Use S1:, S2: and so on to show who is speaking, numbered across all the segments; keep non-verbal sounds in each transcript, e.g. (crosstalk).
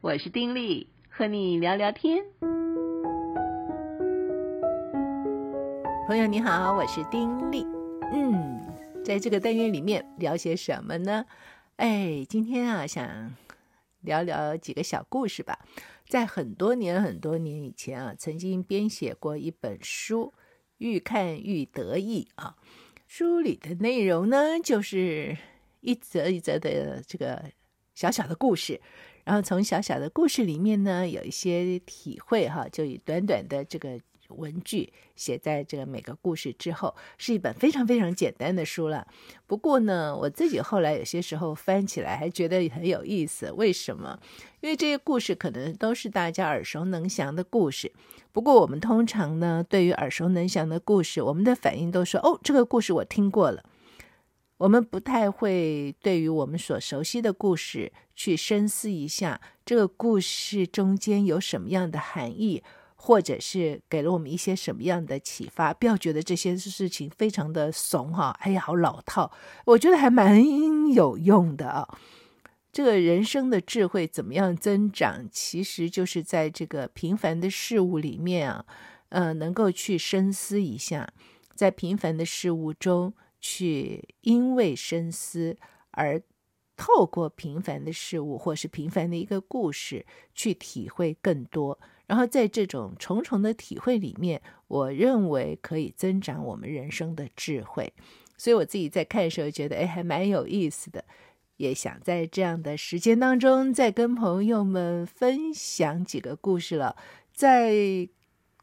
S1: 我是丁莉，和你聊聊天。朋友你好，我是丁莉。嗯，在這個單元裡面聊些什麼呢？哎，今天啊，想聊聊幾個小故事吧。在很多年、很多年以前啊，曾經編寫過一本書，《愈看愈得意》啊。書裡的內容呢，就是一則一則的這個小小的故事。然後從小小的故事裡面呢，有一些體會哈，就以短短的這個文句寫在這個每個故事之後，是一本非常非常簡單的書了。不過呢，我自己後來有些時候翻起來還覺得很有意思。為什麼？因為這些故事可能都是大家耳熟能詳的故事。不過我們通常呢，對於耳熟能詳的故事，我們的反應都說：“哦，這個故事我聽過了。”我們不太會對於我們所熟悉的故事去深思一下，這個故事中間有什麼樣的含義，或者是給了我們一些什麼樣的啟發。不要覺得這些事情非常的慫哈、啊，哎呀，好老套。我覺得還蠻有用的啊。這個人生的智慧怎麼樣增長，其實就是在這個平凡的事物裡面啊，呃，能夠去深思一下，在平凡的事物中。去因為深思而透過平凡的事物，或是平凡的一個故事去體會更多，然後在這種重重的體會裡面，我認為可以增長我們人生的智慧。所以我自己在看的時候覺得，哎，還蠻有意思的，也想在這樣的時間當中再跟朋友們分享幾個故事了，在。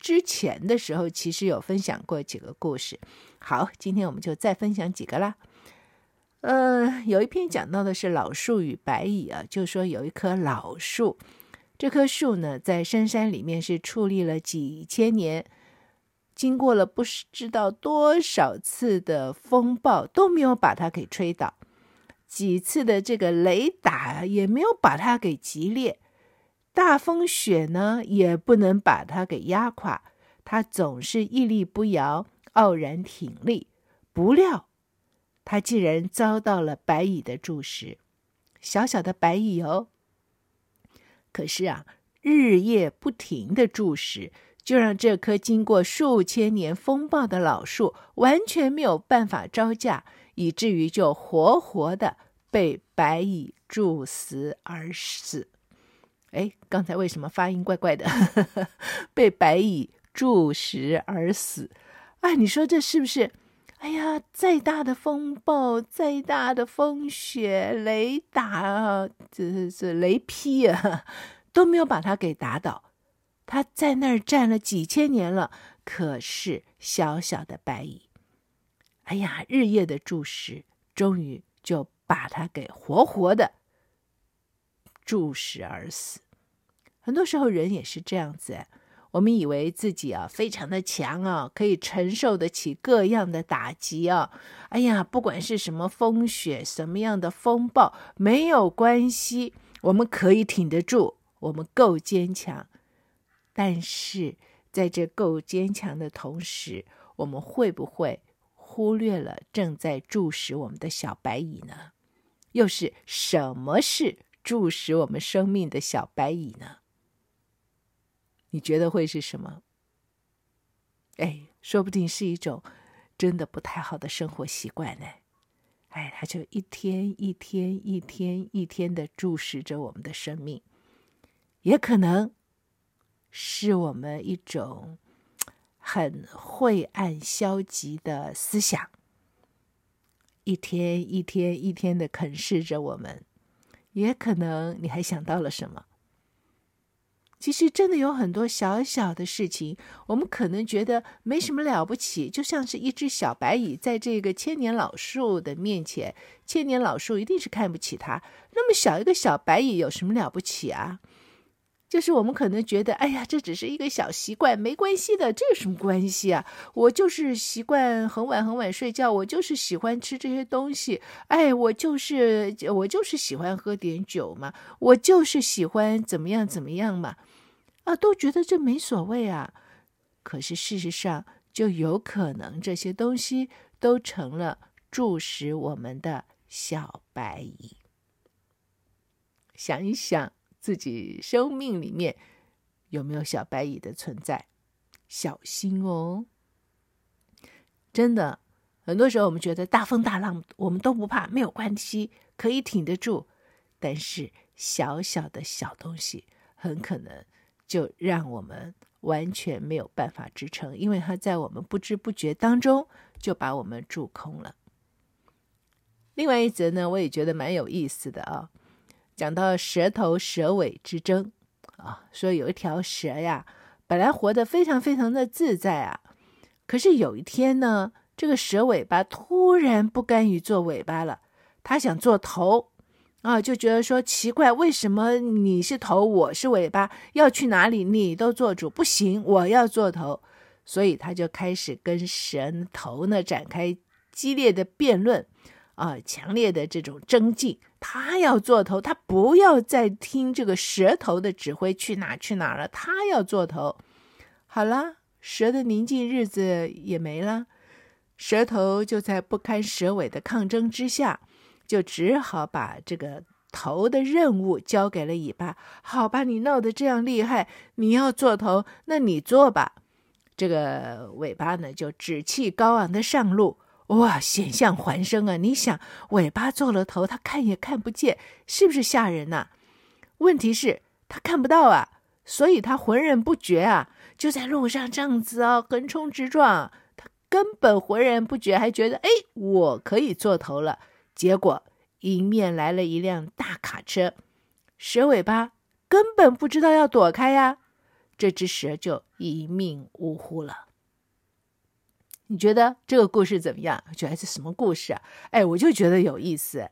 S1: 之前的時候，其實有分享過幾個故事。好，今天我們就再分享幾個啦。呃、嗯，有一篇講到的是老樹與白蟻啊，就說有一棵老樹，這棵樹呢，在深山裡面是矗立了幾千年，經過了不知道多少次的風暴，都沒有把它給吹倒；幾次的這個雷打也沒有把它給擊裂。大風雪呢，也不能把它給壓垮，它總是屹立不搖，傲然挺立。不料，它竟然遭到了白蟻的蛀食，小小的白蟻哦，可是啊，日夜不停的蛀食，就讓這棵經過數千年風暴的老樹完全沒有辦法招架，以至於就活活的被白蟻蛀死而死。哎，剛才為什麼發音怪怪的？ (laughs) 被白蟻蛀食而死。哎，你說這是不是？哎呀，再大的風暴，再大的風雪，雷打，這是雷劈啊，都沒有把它給打倒。他在那兒站了幾千年了，可是小小的白蟻，哎呀，日夜的蛀食，終於就把它給活活的蛀食而死。很多時候，人也是這樣子。我們以為自己啊，非常的強啊，可以承受得起各樣的打擊啊。哎呀，不管是什麼風雪，什麼樣的風暴，沒有關係，我們可以挺得住，我們夠堅強。但是，在這夠堅強的同時，我們會不會忽略了正在注視我們的小白蟻呢？又是什麼是注視我們生命的小白蟻呢？你覺得會是什麼？哎，說不定是一種真的不太好的生活習慣呢。哎，它就一天一天一天一天的蛀蝕着我們的生命，也可能是我們一種很晦暗消極的思想，一天一天一天的啃噬着我們。也可能你還想到了什麼？其實真的有很多小小的事情，我們可能覺得沒什麼了不起，就像是一隻小白蟻在這個千年老樹的面前，千年老樹一定是看不起它。那麼小一個小白蟻有什麼了不起啊？就是我們可能覺得，哎呀，這只是一個小習慣，沒關係的，這有什麼關係啊？我就是習慣很晚很晚睡覺，我就是喜歡吃這些東西，哎，我就是我就是喜歡喝點酒嘛，我就是喜歡怎麼樣怎麼樣嘛。啊，都覺得這沒所謂啊，可是事實上，就有可能這些東西都成了蛀食我們的小白蟻。想一想，自己生命裡面有沒有小白蟻的存在？小心哦！真的，很多時候我們覺得大風大浪我們都不怕，沒有關係，可以挺得住，但是小小的小東西，很可能。就讓我們完全沒有辦法支撐，因為它在我們不知不覺當中就把我們蛀空了。另外一則呢，我也覺得蠻有意思的啊，講到蛇頭蛇尾之爭啊，說有一條蛇呀，本來活得非常非常的自在啊，可是有一天呢，這個蛇尾巴突然不甘於做尾巴了，它想做頭。啊，就覺得說奇怪，為什麼你是頭，我是尾巴？要去哪裡，你都做主，不行，我要做頭。所以他就開始跟蛇頭呢展開激烈的辯論，啊，強烈的這種爭競。他要做頭，他不要再聽這個蛇頭的指揮，去哪去哪了。他要做頭。好了，蛇的寧靜日子也沒了，蛇頭就在不堪蛇尾的抗爭之下，就只好把這個頭的任務交給了尾巴。好吧，你鬧得這樣厲害，你要做頭，那你做吧。這個尾巴呢，就趾氣高昂地上路。哇，險象環生啊！你想，尾巴做了頭，它看也看不見，是不是嚇人吶、啊？問題是它看不到啊，所以它渾然不覺啊，就在路上這樣子啊、哦，橫衝直撞。它根本渾然不覺，還覺得哎，我可以做頭了。結果迎面來了一輛大卡車，蛇尾巴根本不知道要躲開呀，這只蛇就一命嗚呼了。你覺得這個故事怎麼樣？覺得是什麼故事啊？哎，我就覺得有意思。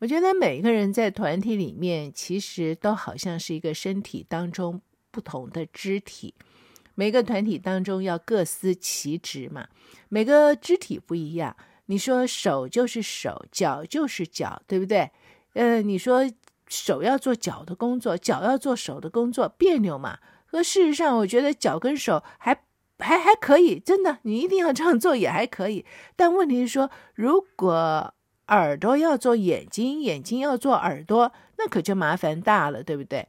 S1: 我覺得每個人在團體裡面，其實都好像是一個身體當中不同的肢體。每個團體當中要各司其職嘛，每個肢體不一樣。你說手就是手，腳就是腳，對不對？呃，你說手要做腳的工作，腳要做手的工作，彆扭嘛。可事實上，我覺得腳跟手還還還可以，真的。你一定要這樣做也還可以，但問題是說，如果耳朵要做眼睛，眼睛要做耳朵，那可就麻煩大了，對不對？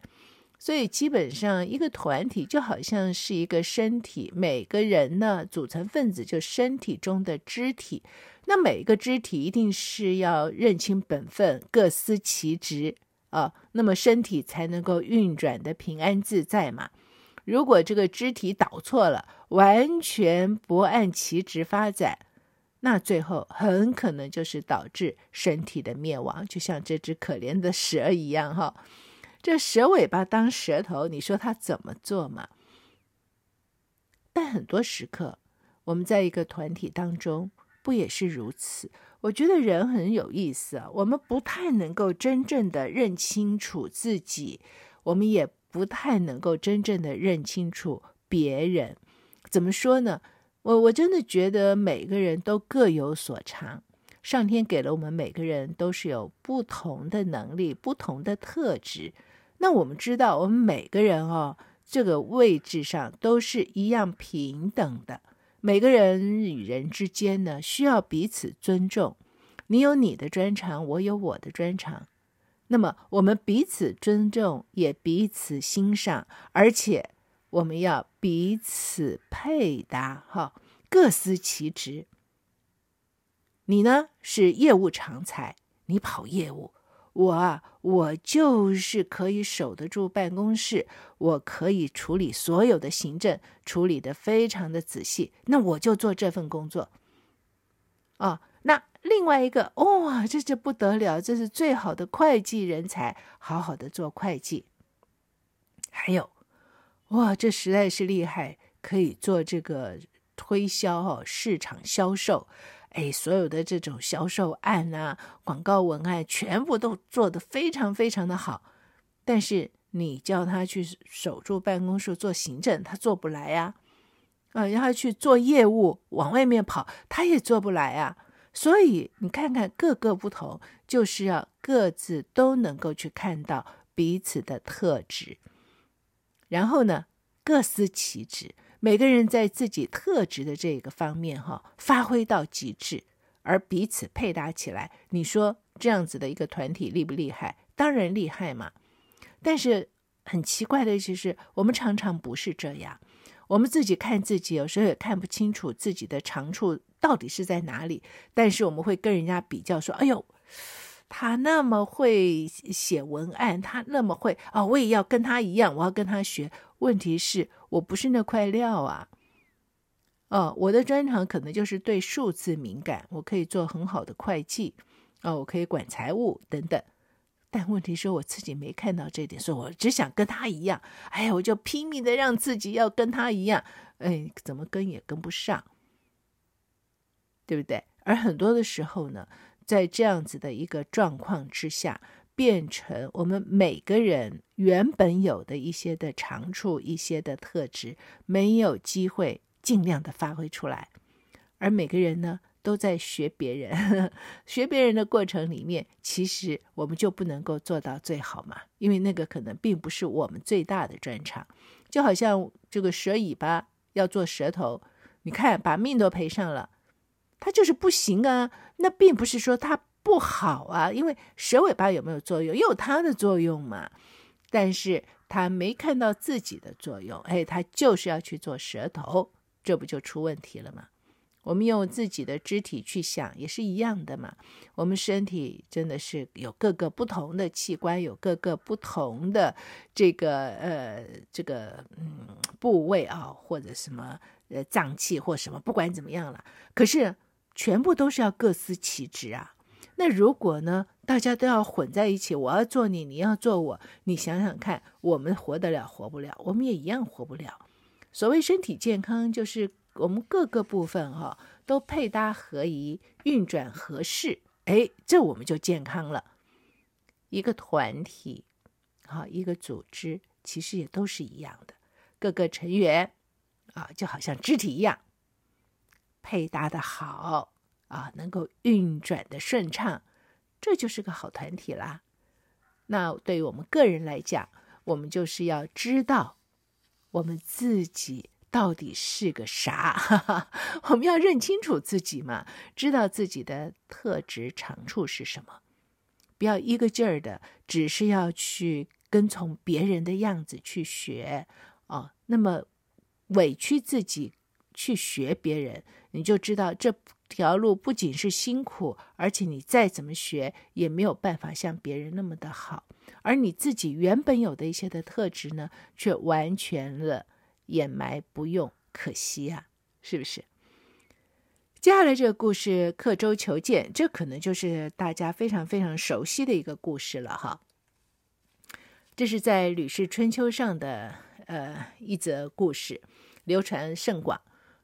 S1: 所以，基本上一個團體就好像是一個身體，每個人呢，組成分子就身體中的肢體，那每一個肢體一定是要認清本分，各司其職啊、哦，那麼身體才能夠運轉得平安自在嘛。如果這個肢體倒錯了，完全不按其職發展，那最後很可能就是導致身體的滅亡，就像這隻可憐的蛇一樣哈。這蛇尾巴當蛇頭，你說他怎麼做嘛？但很多時刻，我們在一個團體當中，不也是如此？我覺得人很有意思啊，我們不太能夠真正的認清楚自己，我們也不太能夠真正的認清楚別人。怎麼說呢？我我真的覺得每個人都各有所長，上天給了我們每個人都是有不同的能力、不同的特質。那我們知道，我們每個人哦，這個位置上都是一樣平等的。每個人與人之間呢，需要彼此尊重。你有你的專長，我有我的專長。那麼，我們彼此尊重，也彼此欣賞，而且我們要彼此配搭，哈、哦，各司其職。你呢是業務長才，你跑業務。我啊，我就是可以守得住辦公室，我可以處理所有的行政，處理得非常的仔細，那我就做這份工作。啊、哦，那另外一個，哦，這就不得了，這是最好的會計人才，好好的做會計。還有，哇，這實在是厲害，可以做這個推銷哦，市場銷售。哎，所有的這種銷售案吶、啊、廣告文案，全部都做得非常非常的好。但是你叫他去守住辦公室做行政，他做不來呀、啊。啊，讓他去做業務，往外面跑，他也做不來呀、啊。所以你看看各個不同，就是要各自都能夠去看到彼此的特質，然後呢，各司其職。每個人在自己特質的這個方面、哦，哈，發揮到極致，而彼此配搭起來，你說這樣子的一個團體厲不厲害？當然厲害嘛。但是很奇怪的就是，我們常常不是這樣。我們自己看自己，有時候也看不清楚自己的長處到底是在哪裡。但是我們會跟人家比較，說：“哎呦，他那麼會寫文案，他那麼會啊、哦，我也要跟他一樣，我要跟他學。”問題是。我不是那塊料啊，哦，我的專長可能就是對數字敏感，我可以做很好的會計，哦，我可以管財務等等。但問題是，我自己沒看到這點，所以我只想跟他一樣，哎呀，我就拼命的讓自己要跟他一樣，哎，怎麼跟也跟不上，對不對？而很多的時候呢，在這樣子的一個狀況之下。變成我們每個人原本有的一些的長處，一些的特質，沒有機會盡量的發揮出來。而每個人呢，都在學別人，呵呵，學別人的過程裡面，其實我們就不能夠做到最好嘛，因為那個可能並不是我們最大的專長。就好像這個蛇尾巴要做蛇頭，你看把命都賠上了，他就是不行啊。那並不是說他。不好啊，因為蛇尾巴有沒有作用？也有它的作用嘛，但是它沒看到自己的作用，哎，它就是要去做蛇頭，這不就出問題了嗎？我們用自己的肢體去想，也是一樣的嘛。我們身體真的是有各個不同的器官，有各個不同的這個呃這個嗯部位啊，或者什麼呃臟器或什麼，不管怎麼樣了，可是全部都是要各司其職啊。那如果呢？大家都要混在一起，我要做你，你要做我，你想想看，我們活得了活不了？我們也一樣活不了。所謂身體健康，就是我們各個部分哈、哦、都配搭合宜，運轉合適，哎，這我們就健康了。一個團體，啊，一個組織，其實也都是一樣的，各個成員，啊，就好像肢體一樣，配搭的好。啊，能夠運轉的順暢，這就是個好團體啦。那對於我們個人來講，我們就是要知道我們自己到底是個啥。 (laughs) 我們要認清楚自己嘛，知道自己的特質長處是什麼，不要一個勁兒的，只是要去跟從別人的樣子去學啊。那麼委屈自己去學別人，你就知道這。條路不僅是辛苦，而且你再怎麼學也沒有辦法像別人那麼的好，而你自己原本有的一些的特質呢，卻完全了掩埋不用，可惜呀、啊，是不是？接下來這個故事“刻舟求劍”，這可能就是大家非常非常熟悉的一個故事了哈。這是在《呂氏春秋》上的呃一則故事，流傳甚廣。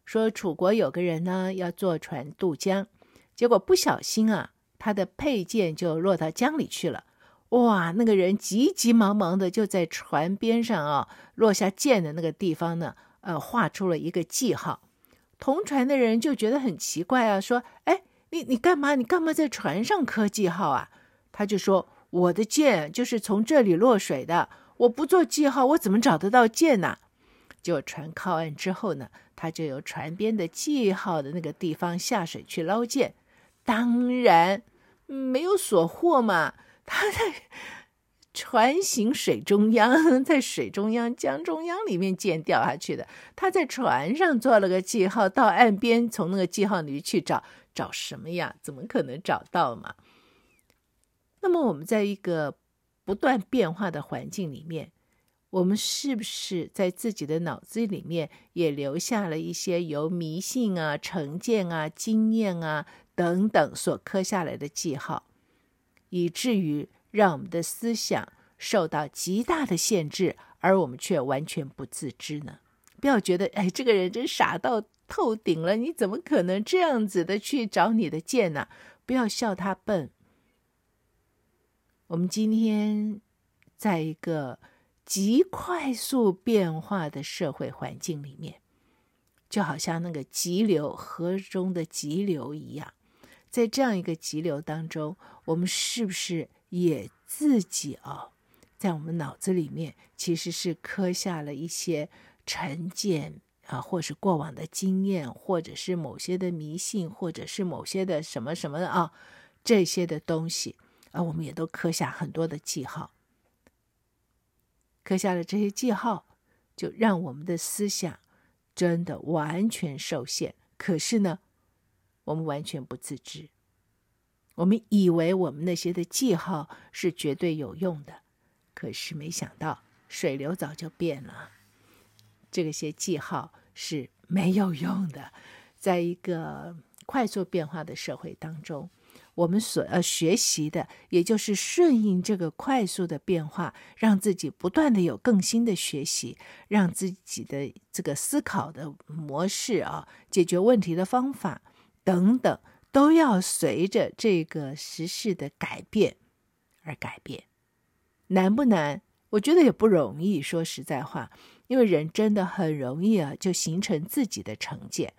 S1: 說楚國有個人呢，要坐船渡江，結果不小心啊，他的佩劍就落到江裡去了。哇，那個人急急忙忙的就在船邊上啊，落下劍的那個地方呢，呃，畫出了一個記號。同船的人就覺得很奇怪啊，說：“哎，你你幹嘛？你幹嘛在船上刻記號啊？”他就說：“我的劍就是從這裡落水的，我不做記號，我怎麼找得到劍呢啊？”就船靠岸之後呢，他就由船邊的記號的那個地方下水去撈劍，當然沒有所獲嘛。他在船行水中央，在水中央、江中央裡面劍掉下去的，他在船上做了個記號，到岸邊從那個記號裡去找，找什麼呀？怎麼可能找到嘛？那麼我們在一個不斷變化的環境裡面。我們是不是在自己的腦子裡面也留下了一些由迷信啊、成見啊、經驗啊等等所刻下來的記號，以至於讓我們的思想受到極大的限制，而我們卻完全不自知呢？不要覺得哎，這個人真傻到透頂了，你怎麼可能這樣子的去找你的劍呢、啊？不要笑他笨。我們今天在一個。極快速變化的社會環境裡面，就好像那個急流，河中的急流一樣，在這樣一個急流當中，我們是不是也自己啊、哦，在我們腦子裡面其實是刻下了一些成見啊，或是過往的經驗，或者是某些的迷信，或者是某些的什麼什麼的啊、哦，這些的東西啊，我們也都刻下很多的記號。刻下了這些記號，就讓我們的思想真的完全受限。可是呢，我們完全不自知，我們以為我們那些的記號是絕對有用的，可是沒想到水流早就變了，這些記號是沒有用的。在一個快速變化的社會當中。我們所要、呃、學習的，也就是順應這個快速的變化，讓自己不斷的有更新的學習，讓自己的這個思考的模式啊、哦，解決問題的方法等等，都要隨着這個時事的改變而改變。難不難？我覺得也不容易。說實在話，因為人真的很容易啊，就形成自己的成見。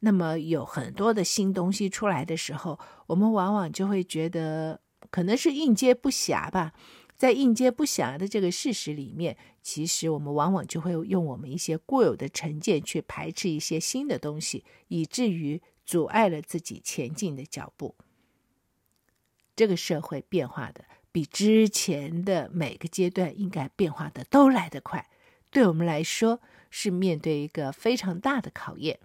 S1: 那麼有很多的新東西出來的時候，我們往往就會覺得可能是應接不暇吧。在應接不暇的這個事實裡面，其實我們往往就會用我們一些固有的成見去排斥一些新的東西，以至於阻礙了自己前進的腳步。這個社會變化的比之前的每個階段應該變化的都來得快，對我們來說是面對一個非常大的考驗。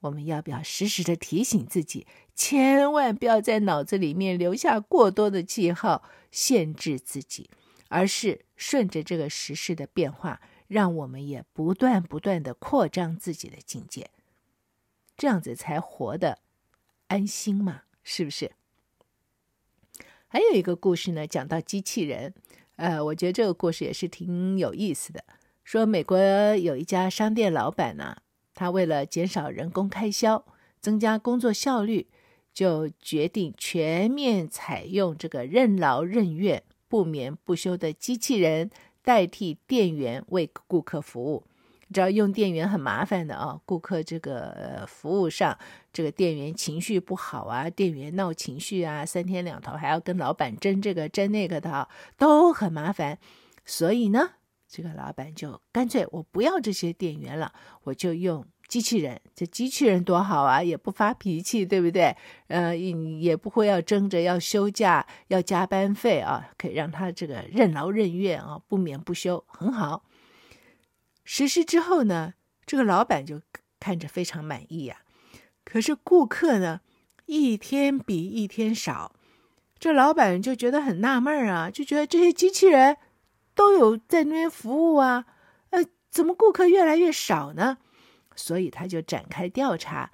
S1: 我們要不要時時的提醒自己，千萬不要在腦子裡面留下過多的記號，限制自己，而是順着這個時勢的變化，讓我們也不斷不斷的擴張自己的境界，這樣子才活得安心嘛，是不是？還有一個故事呢，講到機器人，呃，我覺得這個故事也是挺有意思的，說美國有一家商店老板呢、啊。他為了減少人工開銷，增加工作效率，就決定全面採用這個任勞任怨、不眠不休的機器人代替店員為顧客服務。只要用店員很麻煩的啊，顧客這個呃服務上，這個店員情緒不好啊，店員鬧情緒啊，三天兩頭還要跟老闆爭這個爭那個的啊，都很麻煩。所以呢？這個老板就乾脆，我不要這些店員了，我就用機器人。這機器人多好啊，也不發脾氣，對不對？呃，也不會要爭着要休假，要加班費啊，可以讓他這個任勞任怨啊，不眠不休，很好。實施之後呢，這個老板就看着非常滿意呀，啊。可是顧客呢，一天比一天少，這老板就覺得很納悶啊，就覺得這些機器人。都有在那邊服務啊，呃，怎麼顧客越來越少呢？所以他就展開調查，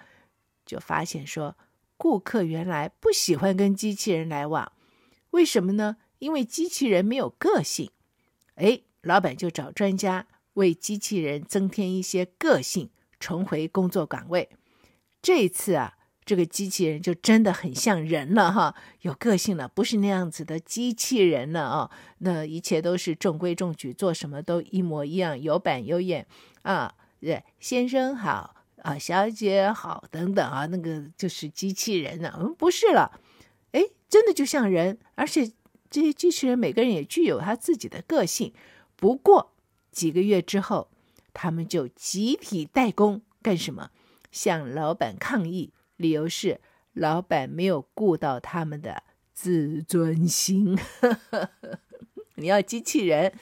S1: 就發現說，顧客原來不喜歡跟機器人來往，為什麼呢？因為機器人沒有個性。誒，老板就找專家為機器人增添一些個性，重回工作崗位。這一次啊。這個機器人就真的很像人了哈，有個性了，不是那樣子的機器人了啊，哦！那一切都是中規中矩，做什麼都一模一樣，有板有眼啊！對，先生好啊，小姐好等等啊，那個就是機器人了，嗯，不是了，哎，真的就像人，而且這些機器人每個人也具有他自己的個性。不過幾個月之後，他們就集體罷工，幹什麼？向老板抗議。理由是，老闆沒有顧到他們的自尊心。 (laughs) 你要機器人，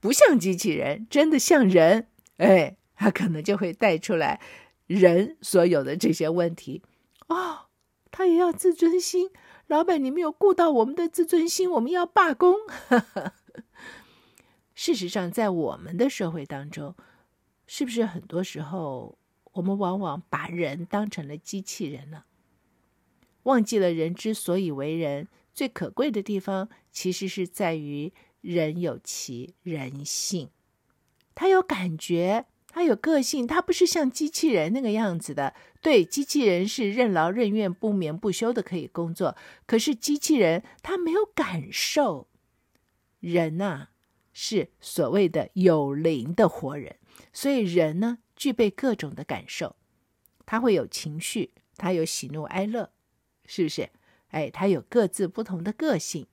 S1: 不像機器人，真的像人，哎，他可能就會帶出來人所有的這些問題。哦，他也要自尊心，老闆，你沒有顧到我們的自尊心，我們要罷工。 (laughs) 事實上，在我們的社會當中，是不是很多時候？我們往往把人當成了機器人了，忘記了人之所以為人最可貴的地方，其實是在於人有其人性，他有感覺，他有個性，他不是像機器人那個樣子的。對，機器人是任勞任怨、不眠不休的可以工作，可是機器人他沒有感受。人吶、啊，是所謂的有靈的活人，所以人呢？具備各種的感受，他會有情緒，他有喜怒哀樂，是不是？哎，他有各自不同的個性。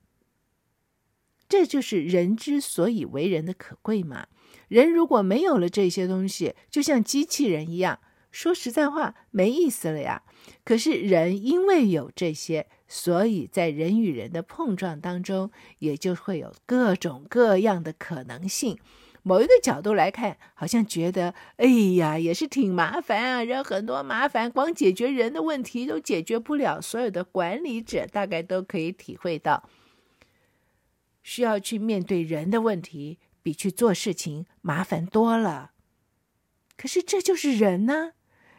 S1: 這就是人之所以為人的可貴嘛。人如果沒有了這些東西，就像機器人一樣，說實在話，沒意思了呀。可是人因為有這些，所以在人與人的碰撞當中，也就會有各種各樣的可能性。某一個角度來看，好像覺得，哎呀，也是挺麻煩啊，人很多麻煩，光解決人的問題都解決不了。所有的管理者大概都可以體會到，需要去面對人的問題，比去做事情麻煩多了。可是這就是人呢，啊，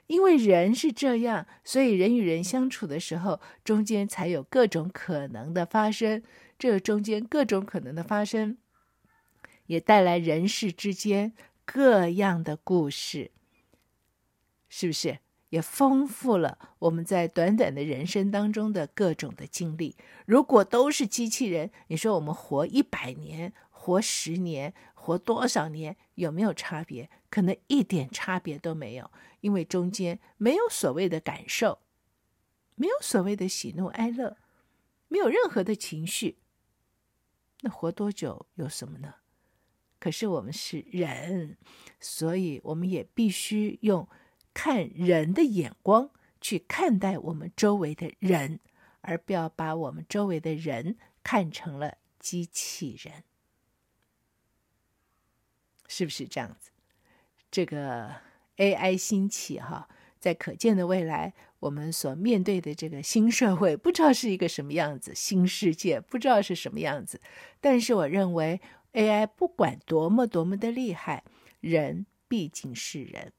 S1: 因為人是這樣，所以人與人相處的時候，中間才有各種可能的發生。這中間各種可能的發生。也帶來人世之間各樣的故事，是不是？也豐富了我們在短短的人生當中的各種的經歷。如果都是機器人，你說我們活一百年、活十年、活多少年，有沒有差別？可能一點差別都沒有，因為中間沒有所謂的感受，沒有所謂的喜怒哀樂，沒有任何的情緒。那活多久有什麼呢？可是我們是人，所以我們也必須用看人的眼光去看待我們周圍的人，而不要把我們周圍的人看成了機器人。是不是這樣子？這個 AI 興起哈，在可見的未來，我們所面對的這個新社會，不知道是一個什麼樣子，新世界不知道是什麼樣子。但是我認為。AI 不管多麼多麼的厲害，人畢竟是人，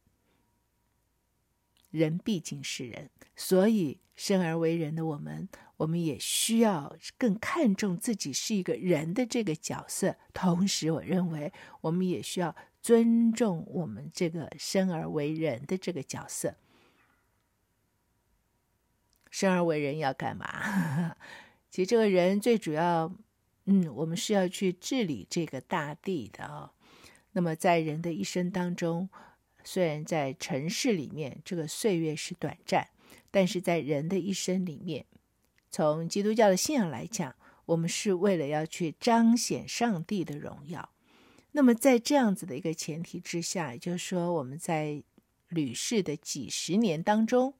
S1: 人畢竟是人，所以生而為人的我們，我們也需要更看重自己是一個人的這個角色。同時，我認為我們也需要尊重我們這個生而為人的這個角色。生而為人要幹嘛？其實，這個人最主要。嗯，我們是要去治理這個大地的啊、哦。那麼，在人的一生當中，雖然在塵世裡面，這個歲月是短暫，但是在人的一生裡面，從基督教的信仰來講，我們是為了要去彰顯上帝的榮耀。那麼，在這樣子的一個前提之下，也就是說，我們在塵世的幾十年當中，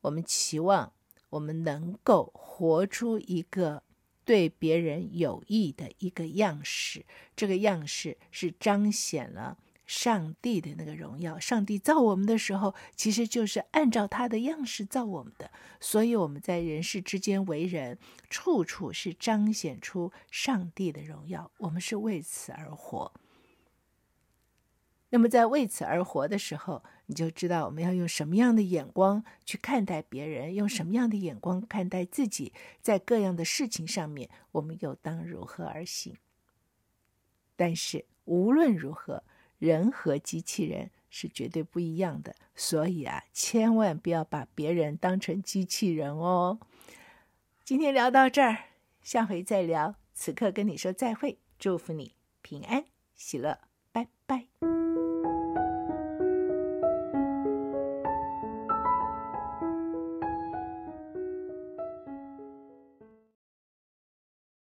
S1: 我們期望我們能夠活出一個。對別人有益的一個樣式，這個樣式是彰顯了上帝的那個榮耀。上帝造我們的時候，其實就是按照他的樣式造我們的，所以我們在人世之間為人，處處是彰顯出上帝的榮耀。我們是為此而活。那麼，在為此而活的時候，你就知道我們要用什麼樣的眼光去看待別人，用什麼樣的眼光看待自己，在各樣的事情上面，我們又當如何而行？但是無論如何，人和機器人是絕對不一樣的，所以啊，千萬不要把別人當成機器人哦。今天聊到這兒，下回再聊。此刻跟你說再會，祝福你平安喜樂，拜拜。